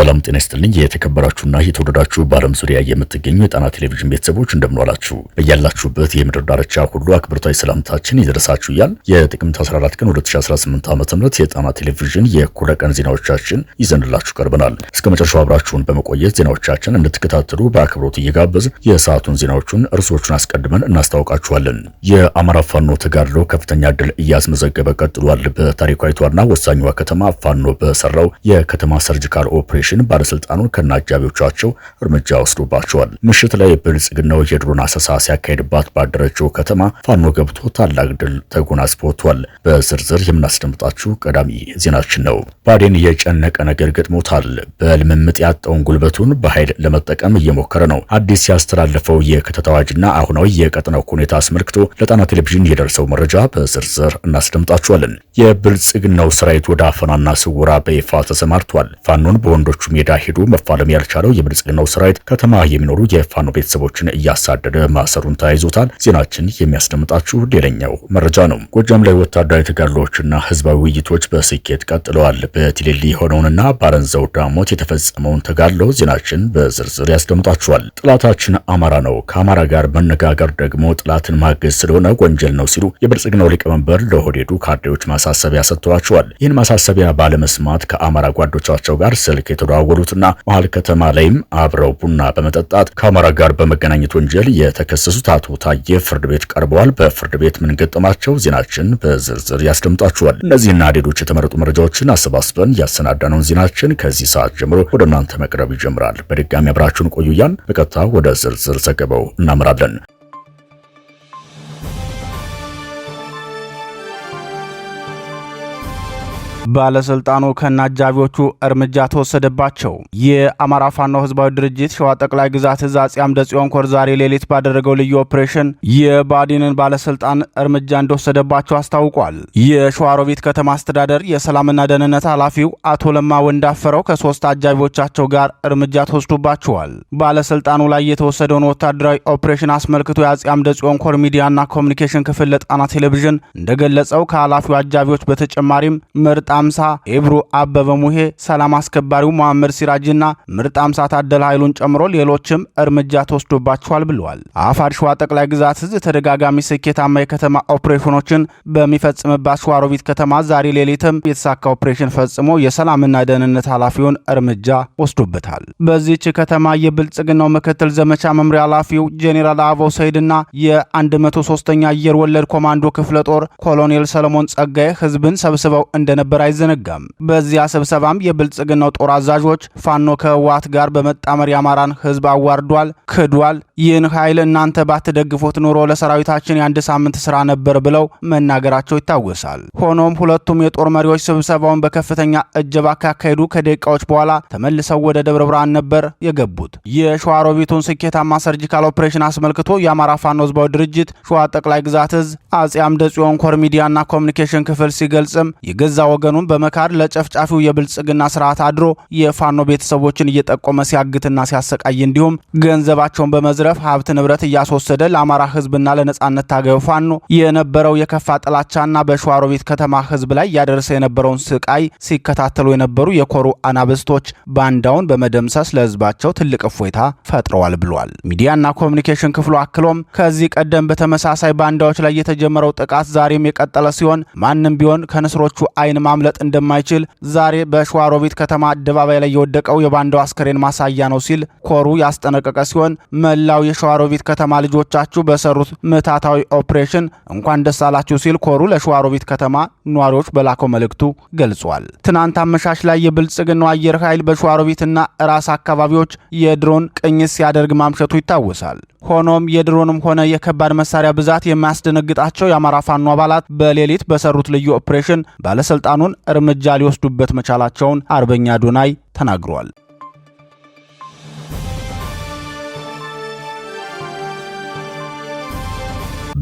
ሰላም ጤና ይስጥልኝ። የተከበራችሁና የተወደዳችሁ በዓለም ዙሪያ የምትገኙ የጣና ቴሌቪዥን ቤተሰቦች እንደምንዋላችሁ በያላችሁበት የምድር ዳርቻ ሁሉ አክብሮታዊ ሰላምታችን ይደረሳችሁ እያል የጥቅምት 14 ቀን 2018 ዓ ም የጣና ቴሌቪዥን የእኩለ ቀን ዜናዎቻችን ይዘንላችሁ ቀርበናል። እስከ መጨረሻው አብራችሁን በመቆየት ዜናዎቻችን እንድትከታተሉ በአክብሮት እየጋበዝ የሰዓቱን ዜናዎቹን እርሶቹን አስቀድመን እናስታውቃችኋለን። የአማራ ፋኖ ተጋድሎ ከፍተኛ ድል እያስመዘገበ ቀጥሏል። በታሪካዊቷና ወሳኛዋ ከተማ ፋኖ በሰራው የከተማ ሰርጅካል ኦፕሬሽን ኮሚሽን ባለስልጣኑን ከነአጃቢዎቻቸው እርምጃ ወስዶባቸዋል። ምሽት ላይ ብልጽግናው የድሮን አሰሳ ሲያካሄድባት ባደረችው ከተማ ፋኖ ገብቶ ታላቅ ድል ተጎናጽፎ በዝርዝር የምናስደምጣችሁ ቀዳሚ ዜናችን ነው። ባዴን የጨነቀ ነገር ገጥሞታል። በልምምጥ ያጣውን ጉልበቱን በኃይል ለመጠቀም እየሞከረ ነው። አዲስ ያስተላለፈው የክተት አዋጅና አሁናዊ የቀጠናው ሁኔታ አስመልክቶ ለጣና ቴሌቪዥን የደረሰው መረጃ በዝርዝር እናስደምጣችኋለን። የብልጽግናው ሰራዊት ወደ አፈናና ስውራ በይፋ ተሰማርቷል። ፋኖን በወንዶ ወታደሮቹ ሜዳ ሄዱ መፋለም ያልቻለው የብልጽግናው ሰራዊት ከተማ የሚኖሩ የፋኖ ቤተሰቦችን እያሳደደ ማሰሩን ተያይዞታል። ዜናችን የሚያስደምጣችሁ ሌላኛው መረጃ ነው። ጎጃም ላይ ወታደራዊ ተጋድሎዎችና ህዝባዊ ውይይቶች በስኬት ቀጥለዋል። በቲሌሊ የሆነውንና ባረንዘው ዳሞት የተፈጸመውን ተጋድሎ ዜናችን በዝርዝር ያስደምጣችኋል። ጥላታችን አማራ ነው፣ ከአማራ ጋር መነጋገር ደግሞ ጥላትን ማገዝ ስለሆነ ወንጀል ነው ሲሉ የብልጽግናው ሊቀመንበር ለሆዴዱ ካድሬዎች ማሳሰቢያ ሰጥተዋቸዋል። ይህን ማሳሰቢያ ባለመስማት ከአማራ ጓዶቻቸው ጋር ስልክ የተደዋወሉትና መሀል ከተማ ላይም አብረው ቡና በመጠጣት ከአማራ ጋር በመገናኘት ወንጀል የተከሰሱት አቶ ታዬ ፍርድ ቤት ቀርበዋል። በፍርድ ቤት ምን ገጠማቸው? ዜናችን በዝርዝር ያስደምጣችኋል። እነዚህና ሌሎች የተመረጡ መረጃዎችን አሰባስበን ያሰናዳነውን ዜናችን ከዚህ ሰዓት ጀምሮ ወደ እናንተ መቅረብ ይጀምራል። በድጋሚ አብራችሁን ቆዩ እያልን በቀጥታ ወደ ዝርዝር ዘገባው እናምራለን። ባለስልጣኑ ከና አጃቢዎቹ እርምጃ ተወሰደባቸው። የአማራ ፋኖ ህዝባዊ ድርጅት ሸዋ ጠቅላይ ግዛት እዝ አፄ አምደ ጽዮን ኮር ዛሬ ሌሊት ባደረገው ልዩ ኦፕሬሽን የባዲንን ባለስልጣን እርምጃ እንደወሰደባቸው አስታውቋል። የሸዋሮቢት ከተማ አስተዳደር የሰላምና ደህንነት ኃላፊው አቶ ለማ ወንዳፈረው ከሶስት አጃቢዎቻቸው ጋር እርምጃ ተወስዶባቸዋል። ባለስልጣኑ ላይ የተወሰደውን ወታደራዊ ኦፕሬሽን አስመልክቶ የአጼ አምደ ጽዮን ኮር ሚዲያና ኮሚኒኬሽን ክፍል ለጣና ቴሌቪዥን እንደገለጸው ከኃላፊው አጃቢዎች በተጨማሪም ምርጣ አምሳ ኤብሩ አበበ ሙሄ፣ ሰላም አስከባሪው መሐመድ ሲራጅና ምርጥ አምሳ ታደለ ኃይሉን ጨምሮ ሌሎችም እርምጃ ተወስዶባቸዋል ብለዋል። አፋድ ሸዋ ጠቅላይ ግዛት እዝ ተደጋጋሚ ስኬታማ የከተማ ኦፕሬሽኖችን በሚፈጽምባት ሸዋሮቢት ከተማ ዛሬ ሌሊትም የተሳካ ኦፕሬሽን ፈጽሞ የሰላምና ደህንነት ኃላፊውን እርምጃ ወስዶበታል። በዚህች ከተማ የብልጽግናው ምክትል ዘመቻ መምሪያ ኃላፊው ጄኔራል አበው ሰይድና የ103ኛ አየር ወለድ ኮማንዶ ክፍለ ጦር ኮሎኔል ሰለሞን ጸጋዬ ህዝብን ሰብስበው እንደነበረ እንደነበር አይዘነጋም። በዚያ ስብሰባም የብልጽግናው ጦር አዛዦች ፋኖ ከህወሓት ጋር በመጣመር የአማራን ህዝብ አዋርዷል፣ ክዷል። ይህን ኃይል እናንተ ባትደግፉት ኑሮ ለሰራዊታችን የአንድ ሳምንት ስራ ነበር ብለው መናገራቸው ይታወሳል። ሆኖም ሁለቱም የጦር መሪዎች ስብሰባውን በከፍተኛ እጀባ ካካሄዱ ከደቂቃዎች በኋላ ተመልሰው ወደ ደብረ ብርሃን ነበር የገቡት። የሸዋሮቢቱን ስኬታማ ሰርጂካል ኦፕሬሽን አስመልክቶ የአማራ ፋኖ ህዝባዊ ድርጅት ሸዋ ጠቅላይ ግዛት እዝ አጼ አምደ ጽዮን ኮር ሚዲያና ኮሚኒኬሽን ክፍል ሲገልጽም የገዛ ወገ ወገኑን በመካድ ለጨፍጫፊው የብልጽግና ስርዓት አድሮ የፋኖ ቤተሰቦችን እየጠቆመ ሲያግትና ሲያሰቃይ እንዲሁም ገንዘባቸውን በመዝረፍ ሀብት ንብረት እያስወሰደ ለአማራ ህዝብና ለነጻነት ታገዩ ፋኖ የነበረው የከፋ ጥላቻና በሸዋሮቢት ከተማ ህዝብ ላይ እያደረሰ የነበረውን ስቃይ ሲከታተሉ የነበሩ የኮሩ አናብስቶች ባንዳውን በመደምሰስ ለህዝባቸው ትልቅ እፎይታ ፈጥረዋል ብሏል። ሚዲያና ኮሚኒኬሽን ክፍሉ አክሎም ከዚህ ቀደም በተመሳሳይ ባንዳዎች ላይ የተጀመረው ጥቃት ዛሬም የቀጠለ ሲሆን ማንም ቢሆን ከንስሮቹ አይን ማም ማምለጥ እንደማይችል ዛሬ በሸዋሮቢት ከተማ አደባባይ ላይ የወደቀው የባንዳው አስከሬን ማሳያ ነው ሲል ኮሩ ያስጠነቀቀ ሲሆን መላው የሸዋሮቢት ከተማ ልጆቻችሁ በሰሩት ምታታዊ ኦፕሬሽን እንኳን ደስ አላችሁ ሲል ኮሩ ለሸዋሮቢት ከተማ ነዋሪዎች በላከው መልእክቱ ገልጿል። ትናንት አመሻሽ ላይ የብልጽግናው አየር ኃይል በሸዋሮቢትና ራስ አካባቢዎች የድሮን ቅኝት ሲያደርግ ማምሸቱ ይታወሳል። ሆኖም የድሮንም ሆነ የከባድ መሳሪያ ብዛት የማያስደነግጣቸው የአማራ ፋኖ አባላት በሌሊት በሰሩት ልዩ ኦፕሬሽን ባለስልጣኑን እርምጃ ሊወስዱበት መቻላቸውን አርበኛ ዱናይ ተናግሯል።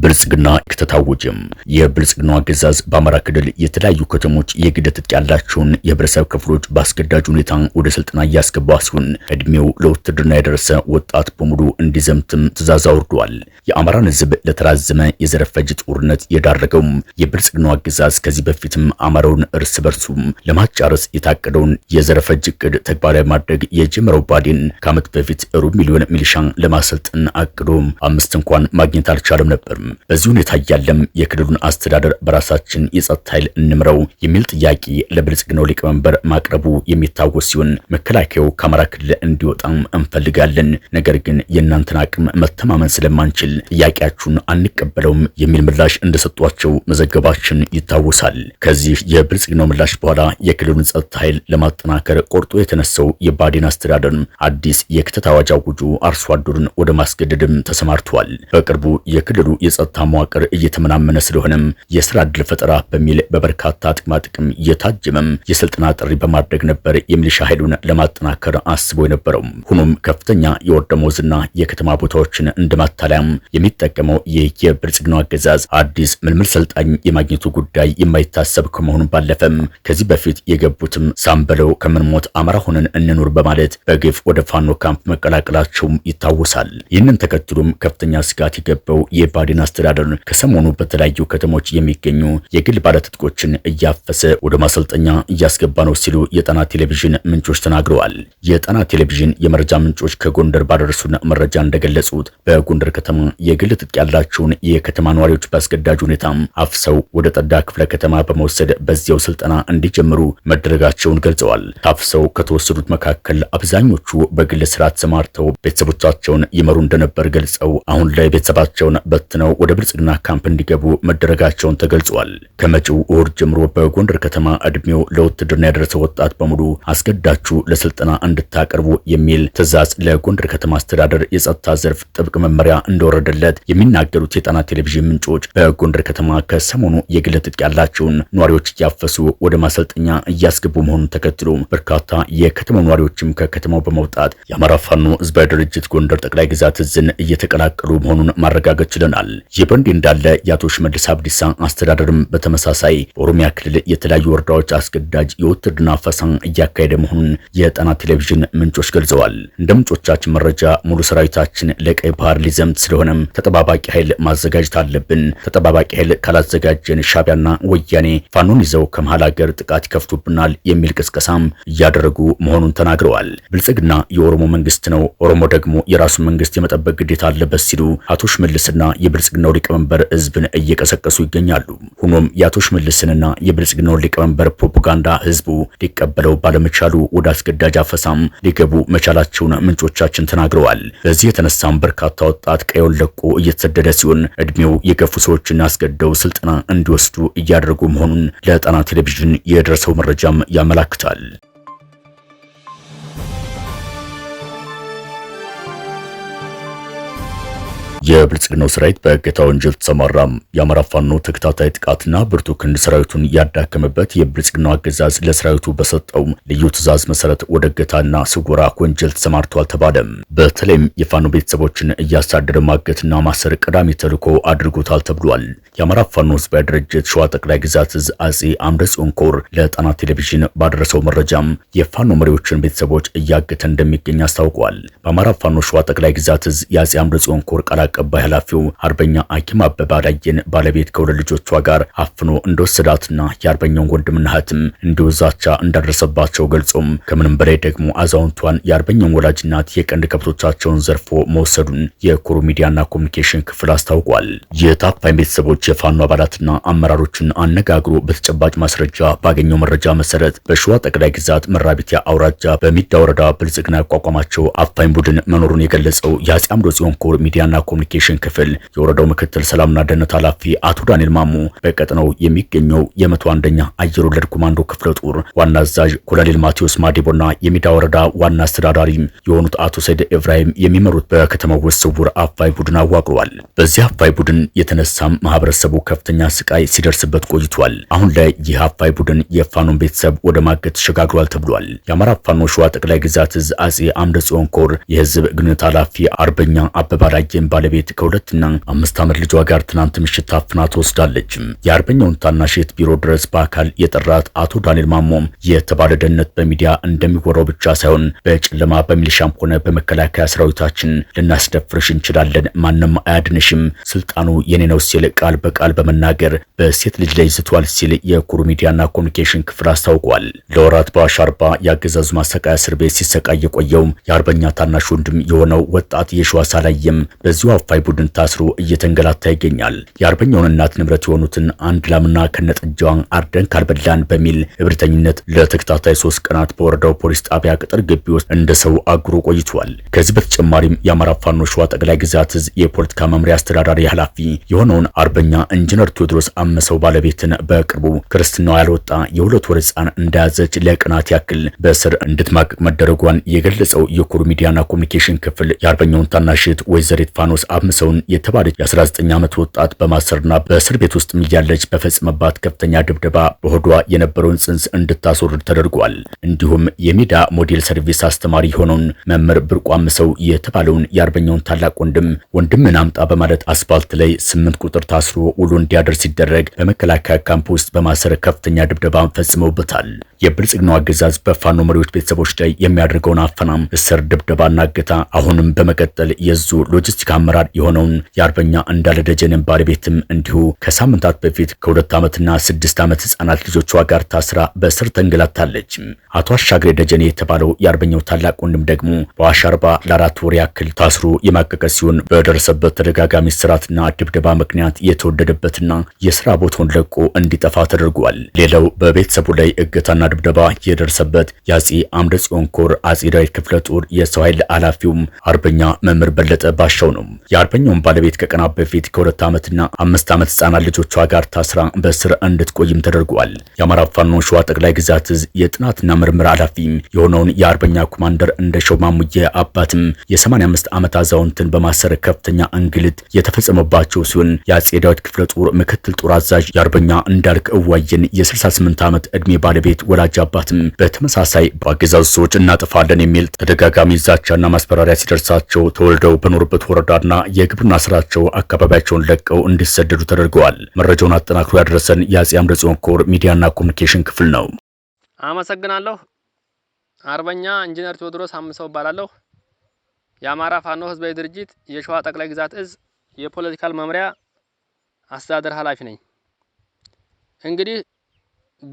ብልጽግና ከተታወጀም የብልጽግናው አገዛዝ በአማራ ክልል የተለያዩ ከተሞች የግድ ትጥቅ ያላቸውን የህብረተሰብ ክፍሎች በአስገዳጅ ሁኔታ ወደ ስልጠና እያስገባ ሲሆን እድሜው ለውትድርና የደረሰ ወጣት በሙሉ እንዲዘምትም ትዕዛዝ አውርዷል። የአማራን ህዝብ ለተራዘመ የዘረፈጅ ጦርነት የዳረገው የብልጽግናው አገዛዝ ከዚህ በፊትም አማራውን እርስ በርሱ ለማጫረስ የታቀደውን የዘረፈጅ እቅድ ተግባራዊ ማድረግ የጀመረው ባዴን ከዓመት በፊት ሩብ ሚሊዮን ሚሊሻን ለማሰልጠን አቅዶ አምስት እንኳን ማግኘት አልቻለም ነበር። በዚህ ሁኔታ እያለም የክልሉን አስተዳደር በራሳችን የጸጥታ ኃይል እንምረው የሚል ጥያቄ ለብልጽግናው ሊቀመንበር ማቅረቡ የሚታወስ ሲሆን መከላከያው ከአማራ ክልል እንዲወጣም እንፈልጋለን፣ ነገር ግን የእናንተን አቅም መተማመን ስለማንችል ጥያቄያችሁን አንቀበለውም የሚል ምላሽ እንደሰጧቸው መዘገባችን ይታወሳል። ከዚህ የብልጽግናው ምላሽ በኋላ የክልሉን ጸጥታ ኃይል ለማጠናከር ቆርጦ የተነሳው የባዴን አስተዳደር አዲስ የክተት አዋጅ አውጆ አርሶ አደሩን ወደ ማስገደድም ተሰማርቷል። በቅርቡ የክልሉ የጸጥታ መዋቅር እየተመናመነ ስለሆነም የስራ ዕድል ፈጠራ በሚል በበርካታ ጥቅማ ጥቅም የታጀመም የስልጠና ጥሪ በማድረግ ነበር የሚሊሻ ኃይሉን ለማጠናከር አስቦ የነበረው። ሆኖም ከፍተኛ የወርደሞዝና የከተማ ቦታዎችን እንደማታለያም የሚጠቀመው የብልጽግናው አገዛዝ አዲስ ምልምል ሰልጣኝ የማግኘቱ ጉዳይ የማይታሰብ ከመሆኑ ባለፈም ከዚህ በፊት የገቡትም ሳምበለው ከምንሞት አማራ ሆነን እንኑር በማለት በግፍ ወደ ፋኖ ካምፕ መቀላቀላቸውም ይታወሳል። ይህንን ተከትሎም ከፍተኛ ስጋት የገባው የባዴን አስተዳደር ከሰሞኑ በተለያዩ ከተሞች የሚገኙ የግል ባለትጥቆችን እያፈሰ ወደ ማሰልጠኛ እያስገባ ነው ሲሉ የጣና ቴሌቪዥን ምንጮች ተናግረዋል። የጣና ቴሌቪዥን የመረጃ ምንጮች ከጎንደር ባደረሱን መረጃ እንደገለጹት በጎንደር ከተማ የግል ትጥቅ ያላቸውን የከተማ ነዋሪዎች በአስገዳጅ ሁኔታ አፍሰው ወደ ጠዳ ክፍለ ከተማ በመወሰድ በዚያው ስልጠና እንዲጀምሩ መደረጋቸውን ገልጸዋል። ታፍሰው ከተወሰዱት መካከል አብዛኞቹ በግል ስራ ተሰማርተው ቤተሰቦቻቸውን ይመሩ እንደነበር ገልጸው አሁን ላይ ቤተሰባቸውን በትነው ወደ ብልጽግና ካምፕ እንዲገቡ መደረጋቸውን ተገልጿል። ከመጪው እሁድ ጀምሮ በጎንደር ከተማ ዕድሜው ለውትድርና ያደረሰው ወጣት በሙሉ አስገዳችሁ ለስልጠና እንድታቀርቡ የሚል ትዕዛዝ ለጎንደር ከተማ አስተዳደር የጸጥታ ዘርፍ ጥብቅ መመሪያ እንደወረ እንደወረደለት የሚናገሩት የጣና ቴሌቪዥን ምንጮች በጎንደር ከተማ ከሰሞኑ የግል ትጥቅ ያላቸውን ነዋሪዎች እያፈሱ ወደ ማሰልጠኛ እያስገቡ መሆኑን ተከትሎ በርካታ የከተማው ነዋሪዎችም ከከተማው በመውጣት የአማራ ፋኖ ህዝባዊ ድርጅት ጎንደር ጠቅላይ ግዛት እዝን እየተቀላቀሉ መሆኑን ማረጋገጥ ችለናል። ይህ በእንዲህ እንዳለ የአቶ ሽመልስ አብዲሳ አስተዳደርም በተመሳሳይ በኦሮሚያ ክልል የተለያዩ ወረዳዎች አስገዳጅ የውትድርና ፈሳን እያካሄደ መሆኑን የጣና ቴሌቪዥን ምንጮች ገልጸዋል። እንደ ምንጮቻችን መረጃ ሙሉ ሰራዊታችን ለቀይ ባህር ሊዘምት ስለሆነ ስለሆነም ተጠባባቂ ኃይል ማዘጋጀት አለብን። ተጠባባቂ ኃይል ካላዘጋጀን ሻቢያና ወያኔ ፋኖን ይዘው ከመሃል ሀገር ጥቃት ይከፍቱብናል የሚል ቅስቀሳም እያደረጉ መሆኑን ተናግረዋል። ብልጽግና የኦሮሞ መንግስት ነው፣ ኦሮሞ ደግሞ የራሱ መንግስት የመጠበቅ ግዴታ አለበት ሲሉ አቶ ሽመልስና የብልጽግናው ሊቀመንበር ህዝብን እየቀሰቀሱ ይገኛሉ። ሆኖም የአቶ ሽመልስንና የብልጽግናውን ሊቀመንበር ፕሮፓጋንዳ ህዝቡ ሊቀበለው ባለመቻሉ ወደ አስገዳጅ አፈሳም ሊገቡ መቻላቸውን ምንጮቻችን ተናግረዋል። በዚህ የተነሳም በርካታ ወጣት ቀዮን ለቆ እየተሰደደ ሲሆን እድሜው የገፉ ሰዎችን አስገደው ስልጠና እንዲወስዱ እያደረጉ መሆኑን ለጣና ቴሌቪዥን የደረሰው መረጃም ያመላክታል። የብልጽግናው ሰራዊት በእገታ ወንጀል ተሰማራም። የአማራ ፋኖ ተከታታይ ጥቃትና ብርቱ ክንድ ሰራዊቱን ያዳከመበት የብልጽግናው አገዛዝ ለሰራዊቱ በሰጠው ልዩ ትዕዛዝ መሰረት ወደ እገታና ስጉራ ወንጀል ተሰማርቷል ተባለም። በተለይም የፋኖ ቤተሰቦችን እያሳደረ ማገትና ማሰር ቀዳሚ ተልዕኮ አድርጎታል ተብሏል። የአማራ ፋኖ ህዝባዊ ድርጅት ሸዋ ጠቅላይ ግዛት እዝ አጼ አምደ ጽዮን ኮር ለጣና ቴሌቪዥን ባደረሰው መረጃም የፋኖ መሪዎችን ቤተሰቦች እያገተ እንደሚገኝ አስታውቋል። በአማራ ፋኖ ሸዋ ጠቅላይ ግዛት እዝ የአጼ አምደ ኮር ቃል አቀባይ ኃላፊው አርበኛ አኪም አበባ ባለቤት ከሁለት ልጆቿ ጋር አፍኖ እንደወሰዳትና የአርበኛውን ወንድምና እህትም እንዲሁ ዛቻ እንዳደረሰባቸው ገልጾም ከምንም በላይ ደግሞ አዛውንቷን የአርበኛውን ወላጅናት የቀንድ ከብቶቻቸውን ዘርፎ መወሰዱን የኮሩ ሚዲያና ኮሚኒኬሽን ክፍል አስታውቋል። የታፋኝ ቤተሰቦች የፋኖ አባላትና አመራሮችን አነጋግሮ በተጨባጭ ማስረጃ ባገኘው መረጃ መሰረት በሸዋ ጠቅላይ ግዛት መራቢቲያ አውራጃ በሚዳ ወረዳ ብልጽግና ያቋቋማቸው አፋኝ ቡድን መኖሩን የገለጸው የአጼ አምዶ ጽዮን ኮር ሚዲያና ኮሚኒ ኮሚኒኬሽን ክፍል የወረዳው ምክትል ሰላምና ደህንነት ኃላፊ አቶ ዳንኤል ማሙ በቀጥነው የሚገኘው የመቶ አንደኛ አየር ወለድ ኮማንዶ ክፍለ ጦር ዋና አዛዥ ኮሎኔል ማቴዎስ ማዴቦና የሚዳ ወረዳ ዋና አስተዳዳሪ የሆኑት አቶ ሰይድ ኢብራሂም የሚመሩት በከተማው ውስጥ ስውር አፋይ ቡድን አዋቅሯል። በዚህ አፋይ ቡድን የተነሳም ማህበረሰቡ ከፍተኛ ስቃይ ሲደርስበት ቆይቷል። አሁን ላይ ይህ አፋይ ቡድን የፋኖን ቤተሰብ ወደ ማገት ተሸጋግሯል ተብሏል። የአማራ ፋኖ ሸዋ ጠቅላይ ግዛት እዝ አጼ አምደ ጽዮን ኮር የህዝብ ግንኙነት ኃላፊ አርበኛ አበባ ላየን ባለ ባለቤት ከሁለትና አምስት ዓመት ልጇ ጋር ትናንት ምሽት ታፍና ተወስዳለች። የአርበኛውን ታናሽ እህት ቢሮ ድረስ በአካል የጠራት አቶ ዳንኤል ማሞም የተባለ ደህንነት በሚዲያ እንደሚወራው ብቻ ሳይሆን በጨለማ በሚሊሻም ሆነ በመከላከያ ሰራዊታችን ልናስደፍርሽ እንችላለን፣ ማንም አያድንሽም፣ ስልጣኑ የኔ ነው ሲል ቃል በቃል በመናገር በሴት ልጅ ላይ ዝቷል ሲል የኩሩ ሚዲያና ኮሚኒኬሽን ክፍል አስታውቋል። ለወራት በአዋሽ አርባ የአገዛዙ ማሰቃያ እስር ቤት ሲሰቃይ የቆየው የአርበኛ ታናሽ ወንድም የሆነው ወጣት የሸዋስ አላየም በዚሁ በአስከፋይ ቡድን ታስሮ እየተንገላታ ይገኛል። የአርበኛውን እናት ንብረት የሆኑትን አንድ ላምና ከነጠጃዋን አርደን ካልበላን በሚል እብሪተኝነት ለተከታታይ ሶስት ቀናት በወረዳው ፖሊስ ጣቢያ ቅጥር ግቢ ውስጥ እንደ ሰው አጉሮ ቆይቷል። ከዚህ በተጨማሪም የአማራ ፋኖ ሸዋ ጠቅላይ ግዛት እዝ የፖለቲካ መምሪያ አስተዳዳሪ ኃላፊ የሆነውን አርበኛ ኢንጂነር ቴዎድሮስ አመሰው ባለቤትን በቅርቡ ክርስትናው ያልወጣ የሁለት ወር ህፃን እንደያዘች ለቀናት ያክል በእስር እንድትማቀቅ መደረጓን የገለጸው የኮር ሚዲያና ኮሚኒኬሽን ክፍል የአርበኛውን ታናሽት ወይዘሪት ፋኖስ አምሰውን የተባለች የ19 ዓመት ወጣት በማሰርና በእስር ቤት ውስጥ እያለች በፈጸመባት ከፍተኛ ድብደባ በሆዷ የነበረውን ጽንስ እንድታስወርድ ተደርጓል። እንዲሁም የሚዳ ሞዴል ሰርቪስ አስተማሪ የሆነውን መምህር ብርቁ አምሰው የተባለውን የአርበኛውን ታላቅ ወንድም ወንድምን አምጣ በማለት አስፋልት ላይ ስምንት ቁጥር ታስሮ ውሎ እንዲያደር ሲደረግ በመከላከያ ካምፕ ውስጥ በማሰር ከፍተኛ ድብደባ ፈጽመውበታል። የብልጽግናው አገዛዝ በፋኖ መሪዎች ቤተሰቦች ላይ የሚያደርገውን አፈናም፣ እስር፣ ድብደባና እገታ አሁንም በመቀጠል የዙ ሎጂስቲክ አመራር አመራር የሆነውን የአርበኛ እንዳለ ደጀኔን ባለቤትም እንዲሁ ከሳምንታት በፊት ከሁለት ዓመትና ስድስት ዓመት ህጻናት ልጆቿ ጋር ታስራ በእስር ተንገላታለች። አቶ አሻግሬ ደጀኔ የተባለው የአርበኛው ታላቅ ወንድም ደግሞ በዋሻ አርባ ለአራት ወር ያክል ታስሮ የማቀቀ ሲሆን በደረሰበት ተደጋጋሚ ስራትና ድብደባ ምክንያት የተወደደበትና የስራ ቦታውን ለቆ እንዲጠፋ ተደርጓል። ሌላው በቤተሰቡ ላይ እገታና ድብደባ የደረሰበት የአጼ አምደ ጽዮን ኮር አጼ ዳዊት ክፍለ ጦር የሰው ኃይል ኃላፊውም አርበኛ መምህር በለጠ ባሻው ነው። የአርበኛውን ባለቤት ከቀና በፊት ከሁለት ዓመትና አምስት ዓመት ህፃናት ልጆቿ ጋር ታስራ በስር እንድትቆይም ተደርጓል። የአማራ ፋኖ ሸዋ ጠቅላይ ግዛት እዝ የጥናትና ምርምር ኃላፊ የሆነውን የአርበኛ ኮማንደር እንደሻው ማሙዬ አባትም የ85 ዓመት አዛውንትን በማሰር ከፍተኛ እንግልት የተፈጸመባቸው ሲሆን የአጼ ዳዊት ክፍለ ጦር ምክትል ጦር አዛዥ የአርበኛ እንዳልክ እዋየን የ68 ዓመት ዕድሜ ባለቤት ወላጅ አባትም በተመሳሳይ በአገዛዙ ሰዎች እናጠፋለን የሚል ተደጋጋሚ ዛቻና ማስፈራሪያ ሲደርሳቸው ተወልደው በኖርበት ወረዳና የግብርና ስራቸው አካባቢያቸውን ለቀው እንዲሰደዱ ተደርገዋል። መረጃውን አጠናክሮ ያደረሰን የአጼ አምደ ጽዮን ኮር ሚዲያና ኮሚኒኬሽን ክፍል ነው። አመሰግናለሁ። አርበኛ ኢንጂነር ቴዎድሮስ አምሰው እባላለሁ። የአማራ ፋኖ ህዝባዊ ድርጅት የሸዋ ጠቅላይ ግዛት እዝ የፖለቲካል መምሪያ አስተዳደር ኃላፊ ነኝ። እንግዲህ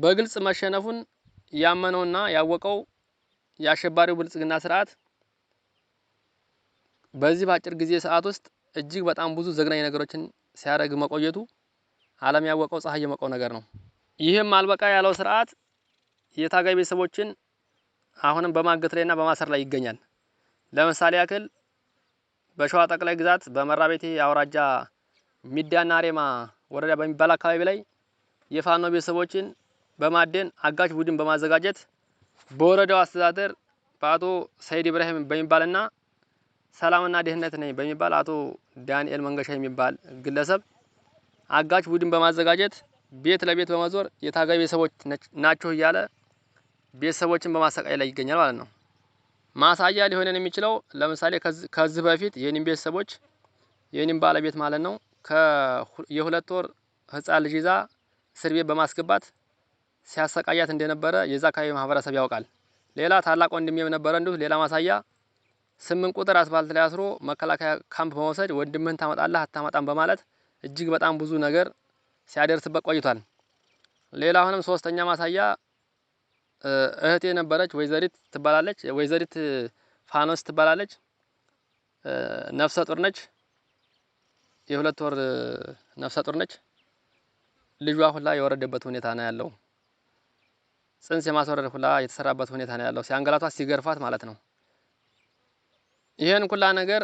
በግልጽ መሸነፉን ያመነውና ያወቀው የአሸባሪው ብልጽግና ስርዓት በዚህ በአጭር ጊዜ ሰዓት ውስጥ እጅግ በጣም ብዙ ዘግናኝ ነገሮችን ሲያደርግ መቆየቱ ዓለም ያወቀው ፀሐይ የሞቀው ነገር ነው። ይህም አልበቃ ያለው ስርዓት የታጋይ ቤተሰቦችን አሁንም በማገት ላይና በማሰር ላይ ይገኛል። ለምሳሌ ያክል በሸዋ ጠቅላይ ግዛት በመራቤቴ አውራጃ ሚዳና አሬማ ወረዳ በሚባል አካባቢ ላይ የፋኖ ቤተሰቦችን በማደን አጋች ቡድን በማዘጋጀት በወረዳው አስተዳደር በአቶ ሰይድ ኢብራሂም በሚባልና ሰላምና ደህንነት ነኝ በሚባል አቶ ዳንኤል መንገሻ የሚባል ግለሰብ አጋች ቡድን በማዘጋጀት ቤት ለቤት በመዞር የታጋይ ቤተሰቦች ናቸው እያለ ቤተሰቦችን በማሰቃይ ላይ ይገኛል ማለት ነው። ማሳያ ሊሆነን የሚችለው ለምሳሌ ከዚህ በፊት የኔም ቤተሰቦች የኔም ባለቤት ማለት ነው የሁለት ወር ህፃን ልጅ ይዛ እስር ቤት በማስገባት ሲያሰቃያት እንደነበረ የዛ አካባቢ ማህበረሰብ ያውቃል። ሌላ ታላቅ ወንድሜም ነበረ እንዲሁ ሌላ ማሳያ ስምንት ቁጥር አስፋልት ላይ አስሮ መከላከያ ካምፕ በመውሰድ ወንድምህን ታመጣለህ አታመጣም በማለት እጅግ በጣም ብዙ ነገር ሲያደርስበት ቆይቷል። ሌላ አሁንም ሶስተኛ ማሳያ እህቴ ነበረች ወይዘሪት ትባላለች ወይዘሪት ፋኖስ ትባላለች። ነፍሰ ጡር ነች። የሁለት ወር ነፍሰ ጡር ነች። ልጇ ሁላ የወረደበት ሁኔታ ነው ያለው። ጽንስ የማስወረድ ሁላ የተሰራበት ሁኔታ ነው ያለው ሲያንገላቷት ሲገርፋት ማለት ነው ይህን ኩላ ነገር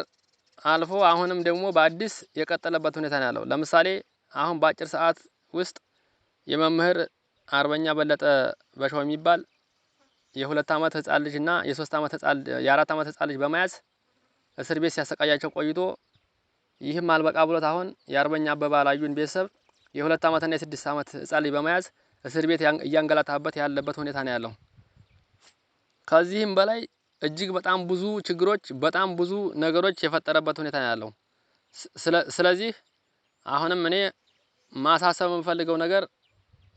አልፎ አሁንም ደግሞ በአዲስ የቀጠለበት ሁኔታ ነው ያለው። ለምሳሌ አሁን በአጭር ሰዓት ውስጥ የመምህር አርበኛ በለጠ በሻው የሚባል የሁለት አመት ህጻን ልጅና የሶስት አመት ህጻን የአራት ዓመት ህጻን ልጅ በመያዝ እስር ቤት ሲያሰቃያቸው ቆይቶ ይህም አልበቃ ብሎት አሁን የአርበኛ አበባ ላዩን ቤተሰብ የሁለት ዓመትና የስድስት አመት ህጻን ልጅ በመያዝ እስር ቤት እያንገላታበት ያለበት ሁኔታ ነው ያለው። ከዚህም በላይ እጅግ በጣም ብዙ ችግሮች በጣም ብዙ ነገሮች የፈጠረበት ሁኔታ ያለው። ስለዚህ አሁንም እኔ ማሳሰብ የምፈልገው ነገር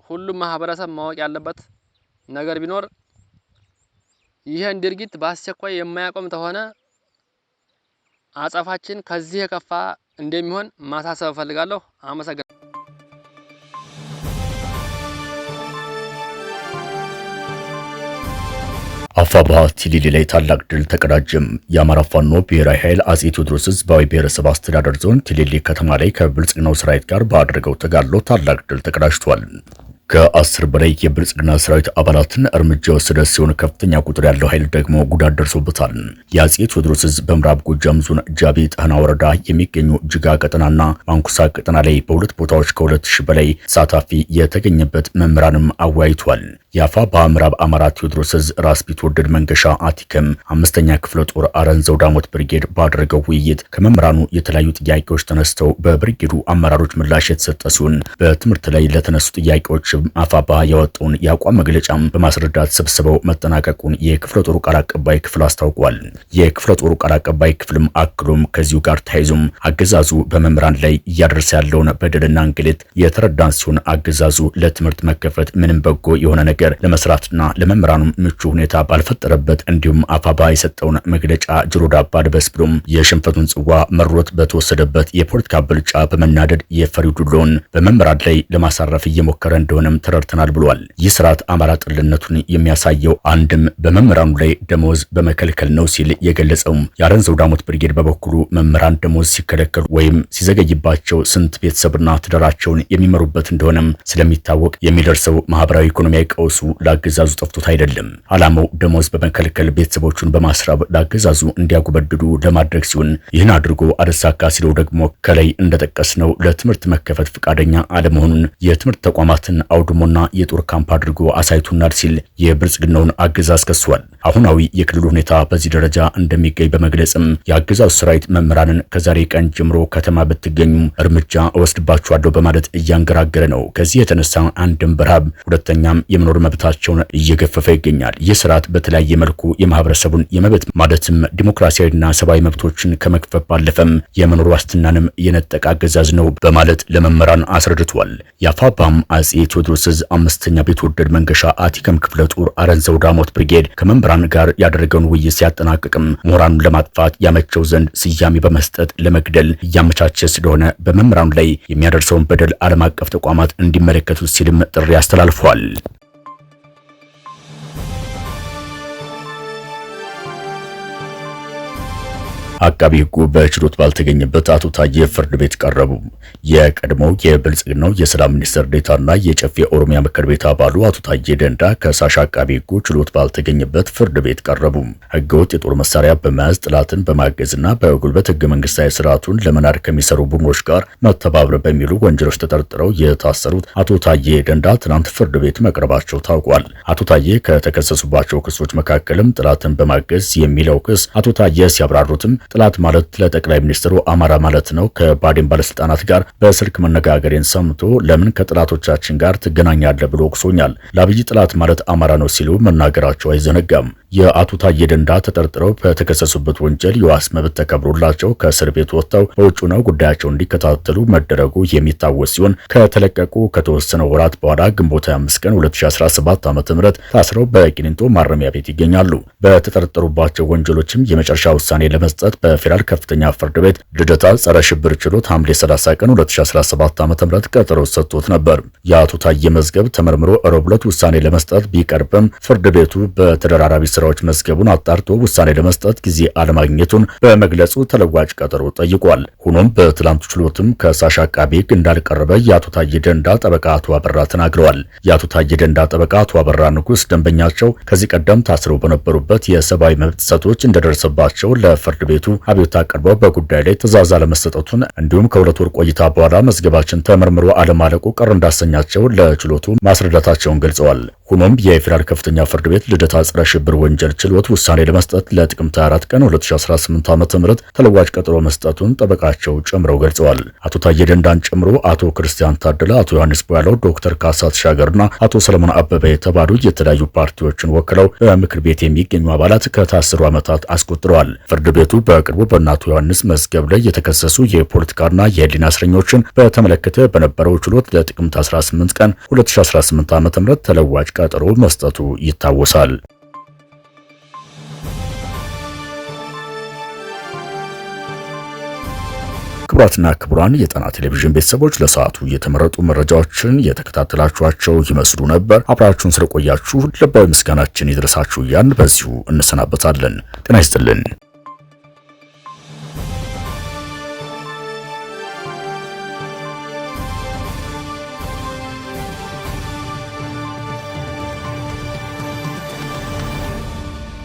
ሁሉም ማህበረሰብ ማወቅ ያለበት ነገር ቢኖር ይህን ድርጊት በአስቸኳይ የማያቆም ተሆነ አጸፋችን ከዚህ የከፋ እንደሚሆን ማሳሰብ እፈልጋለሁ። አመሰግናለሁ አፋብሃ ቲሊሊ ላይ ታላቅ ድል ተቀዳጀም። የአማራ ፋኖ ብሔራዊ ኃይል አጼ ቴዎድሮስ ህዝባዊ ብሔረሰብ አስተዳደር ዞን ቲሊሊ ከተማ ላይ ከብልጽግናው ሰራዊት ጋር ባደረገው ተጋድሎ ታላቅ ድል ተቀዳጅቷል። ከአስር በላይ የብልጽግና ሰራዊት አባላትን እርምጃ የወሰደ ሲሆን ከፍተኛ ቁጥር ያለው ኃይል ደግሞ ጉዳት ደርሶበታል። የአጼ ቴዎድሮስ ህዝብ በምዕራብ ጎጃም ዞን ጃቢ ጠህና ወረዳ የሚገኙ ጅጋ ቀጠናና ማንኩሳ ቀጠና ላይ በሁለት ቦታዎች ከሁለት ሺህ በላይ ተሳታፊ የተገኘበት መምህራንም አወያይቷል። የአፋባ ምዕራብ አማራ ቴዎድሮስ ዕዝ ራስ ቢትወደድ መንገሻ አቲከም አምስተኛ ክፍለ ጦር አረን ዘውዳሞት ብርጌድ ባደረገው ውይይት ከመምህራኑ የተለያዩ ጥያቄዎች ተነስተው በብርጌዱ አመራሮች ምላሽ የተሰጠ ሲሆን በትምህርት ላይ ለተነሱ ጥያቄዎች አፋባ ያወጣውን የአቋም መግለጫም በማስረዳት ሰብስበው መጠናቀቁን የክፍለ ጦሩ ቃል አቀባይ ክፍል አስታውቋል። የክፍለ ጦሩ ቃል አቀባይ ክፍልም አክሎም ከዚሁ ጋር ተያይዞም አገዛዙ በመምህራን ላይ እያደረሰ ያለውን በደልና እንግልት የተረዳን ሲሆን አገዛዙ ለትምህርት መከፈት ምንም በጎ የሆነ ነገር ነገር ለመስራትና ለመምህራኑ ምቹ ሁኔታ ባልፈጠረበት እንዲሁም አፋባ የሰጠውን መግለጫ ጆሮ ዳባ ልበስ ብሎም የሽንፈቱን ጽዋ መሮት በተወሰደበት የፖለቲካ ብልጫ በመናደድ የፈሪው ዱሎን በመምህራን ላይ ለማሳረፍ እየሞከረ እንደሆነም ተረድተናል ብሏል። ይህ ስርዓት አማራ ጥልነቱን የሚያሳየው አንድም በመምህራኑ ላይ ደሞዝ በመከልከል ነው ሲል የገለጸው የአረንዘው ዳሞት ብርጌድ በበኩሉ መምህራን ደሞዝ ሲከለከሉ ወይም ሲዘገይባቸው ስንት ቤተሰብና ትዳራቸውን የሚመሩበት እንደሆነም ስለሚታወቅ የሚደርሰው ማህበራዊ ኢኮኖሚያዊ ቀውስ መድረሱ ለአገዛዙ ጠፍቶት አይደለም። ዓላማው ደሞዝ በመከልከል ቤተሰቦቹን በማስራብ ለአገዛዙ እንዲያጎበድዱ ለማድረግ ሲሆን ይህን አድርጎ አደሳካ ሲለው ደግሞ ከላይ እንደጠቀስነው ለትምህርት መከፈት ፈቃደኛ አለመሆኑን የትምህርት ተቋማትን አውድሞና የጦር ካምፕ አድርጎ አሳይቶናል ሲል የብልጽግናውን አገዛዝ ከሷል። አሁናዊ የክልሉ ሁኔታ በዚህ ደረጃ እንደሚገኝ በመግለጽም የአገዛዙ ሰራዊት መምህራንን ከዛሬ ቀን ጀምሮ ከተማ ብትገኙም እርምጃ እወስድባችኋለሁ በማለት እያንገራገረ ነው። ከዚህ የተነሳ አንድም በረሃብ ሁለተኛም የመኖር መብታቸውን እየገፈፈ ይገኛል። ይህ ስርዓት በተለያየ መልኩ የማህበረሰቡን የመብት ማለትም ዲሞክራሲያዊና ሰብአዊ መብቶችን ከመክፈፍ ባለፈም የመኖር ዋስትናንም የነጠቀ አገዛዝ ነው በማለት ለመምህራን አስረድቷል። የአፋባም አጼ ቴዎድሮስ አምስተኛ ቤት ወደድ መንገሻ አቲከም ክፍለ ጦር አረንዘው ዳሞት ብርጌድ ከመምህራን ጋር ያደረገውን ውይይት ሲያጠናቅቅም ምሁራኑን ለማጥፋት ያመቸው ዘንድ ስያሜ በመስጠት ለመግደል እያመቻቸ ስለሆነ በመምህራኑ ላይ የሚያደርሰውን በደል ዓለም አቀፍ ተቋማት እንዲመለከቱት ሲልም ጥሪ አስተላልፏል። አቃቢ ህጉ በችሎት ባልተገኘበት አቶ ታዬ ፍርድ ቤት ቀረቡ። የቀድሞው የብልጽግናው የሰላም ሚኒስትር ዴታና የጨፌ ኦሮሚያ ምክር ቤት አባሉ አቶ ታዬ ደንዳ ከሳሽ አቃቢ ህጉ ችሎት ባልተገኘበት ፍርድ ቤት ቀረቡ። ህገወጥ የጦር መሳሪያ በመያዝ ጥላትን በማገዝና በጉልበት ህገ መንግስታዊ ስርዓቱን ለመናድ ከሚሰሩ ቡድኖች ጋር መተባበር በሚሉ ወንጀሎች ተጠርጥረው የታሰሩት አቶ ታዬ ደንዳ ትናንት ፍርድ ቤት መቅረባቸው ታውቋል። አቶ ታዬ ከተከሰሱባቸው ክሶች መካከልም ጥላትን በማገዝ የሚለው ክስ አቶ ታዬ ሲያብራሩትም ጠላት ማለት ለጠቅላይ ሚኒስትሩ አማራ ማለት ነው። ከባዴን ባለስልጣናት ጋር በስልክ መነጋገሬን ሰምቶ ለምን ከጠላቶቻችን ጋር ትገናኛለ ብሎ ወቅሶኛል። ለአብይ ጠላት ማለት አማራ ነው ሲሉ መናገራቸው አይዘነጋም። የአቶ ታዬ ደንዳ ተጠርጥረው በተከሰሱበት ወንጀል የዋስ መብት ተከብሮላቸው ከእስር ቤት ወጥተው በውጭ ነው ጉዳያቸው እንዲከታተሉ መደረጉ የሚታወስ ሲሆን ከተለቀቁ ከተወሰነ ወራት በኋላ ግንቦት 25 ቀን 2017 ዓ.ም ታስረው በቂሊንጦ ማረሚያ ቤት ይገኛሉ። በተጠረጠሩባቸው ወንጀሎችም የመጨረሻ ውሳኔ ለመስጠት መሰረት በፌዴራል ከፍተኛ ፍርድ ቤት ልደታ ጸረ ሽብር ችሎት ሐምሌ 30 ቀን 2017 ዓ.ም ቀጠሮ ሰጥቶት ነበር። የአቶ ታዬ መዝገብ ተመርምሮ ረቡዕ ዕለት ውሳኔ ለመስጠት ቢቀርብም ፍርድ ቤቱ በተደራራቢ ስራዎች መዝገቡን አጣርቶ ውሳኔ ለመስጠት ጊዜ አለማግኘቱን በመግለጹ ተለዋጭ ቀጠሮ ጠይቋል። ሆኖም በትላንቱ ችሎትም ከሳሽ አቃቤ ሕግ እንዳልቀረበ የአቶ ታዬ ደንዳ ጠበቃ አቶ አበራ ተናግረዋል። የአቶ ታዬ ደንዳ ጠበቃ አቶ አበራ ንጉስ ደንበኛቸው ከዚህ ቀደም ታስረው በነበሩበት የሰብአዊ መብት ጥሰቶች እንደደረሰባቸው ለፍርድ ቤቱ ቤቱ አብዮት አቅርበው በጉዳይ ላይ ትዕዛዝ አለመሰጠቱን እንዲሁም ከሁለት ወር ቆይታ በኋላ መዝገባችን ተመርምሮ አለማለቁ ቅር እንዳሰኛቸው ለችሎቱ ማስረዳታቸውን ገልጸዋል። ሆኖም የፌዴራል ከፍተኛ ፍርድ ቤት ልደታ ጸረ ሽብር ወንጀል ችሎት ውሳኔ ለመስጠት ለጥቅምት 24 ቀን 2018 ዓ.ም ተለዋጭ ቀጠሮ መስጠቱን ጠበቃቸው ጨምረው ገልጸዋል። አቶ ታዬ ደንዳን ጨምሮ አቶ ክርስቲያን ታደለ፣ አቶ ዮሐንስ ቦያለው፣ ዶክተር ካሳ ተሻገርና አቶ ሰለሞን አበበ የተባሉ የተለያዩ ፓርቲዎችን ወክለው በምክር ቤት የሚገኙ አባላት ከታሰሩ ዓመታት አስቆጥረዋል። ፍርድ ቤቱ በቅርቡ በእነ አቶ ዮሐንስ መዝገብ ላይ የተከሰሱ የፖለቲካና የህሊና እስረኞችን በተመለከተ በነበረው ችሎት ለጥቅምት 18 ቀን 2018 ዓ.ም ተለዋጭ ቀጠሮ መስጠቱ ይታወሳል። ክቡራትና ክቡራን የጣና ቴሌቪዥን ቤተሰቦች ለሰዓቱ የተመረጡ መረጃዎችን የተከታተላችኋቸው ይመስሉ ነበር። አብራችሁን ስለቆያችሁ ልባዊ ምስጋናችን ይድረሳችሁ እያን በዚሁ እንሰናበታለን። ጤና ይስጥልን።